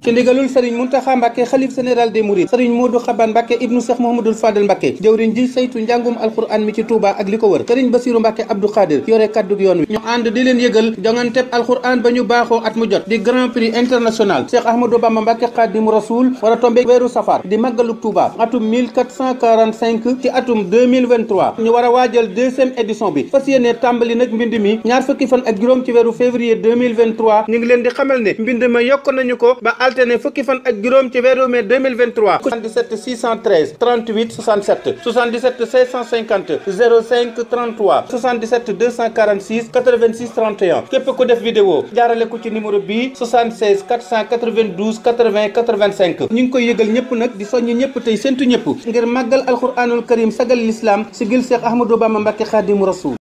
ci ndigalul sëriñ Muntaha mbàkke xalif Seniral des mourides sëriñ moodu khaban mbàkke ibnu seex mohamadul fadal mbàkke jëwriñ ji saytu njàngum alquran mi ci touba ak li ko wër sëriñ basiru mbàkke abdou xaadir yore kàddug yoon wi ñu ànd di leen yëgal jonganteb alquran ba ñu at mu jot di grand prix international cheikh ahmadou bamba mbàkke xaadimu rasul war tombe weeru safar di màggalug touba atum 1445 ci atum 2023 ñu war a waajal deuxième édition bi fas yéene tàmbali nag mbind mi ñaar fukki fan ak juróom ci weeru février 2023 ñu ngi leen di xamal ne mbind ma nañu ko ba altine fukki fan ak juroom ci mai 2023 77 613 38 67 77 550 05 33 77 246 86 31 képp ku def vidéo jaarale ko ci numéro bi 76 492 80 85 ñu ngi koy yëgal ñëpp nag di soññ ñëpp tey sentu ñëpp ngir màggal alxuraanul karim sagal lislaam sigil Cheikh Ahmadou Bamba Mbacké rasoul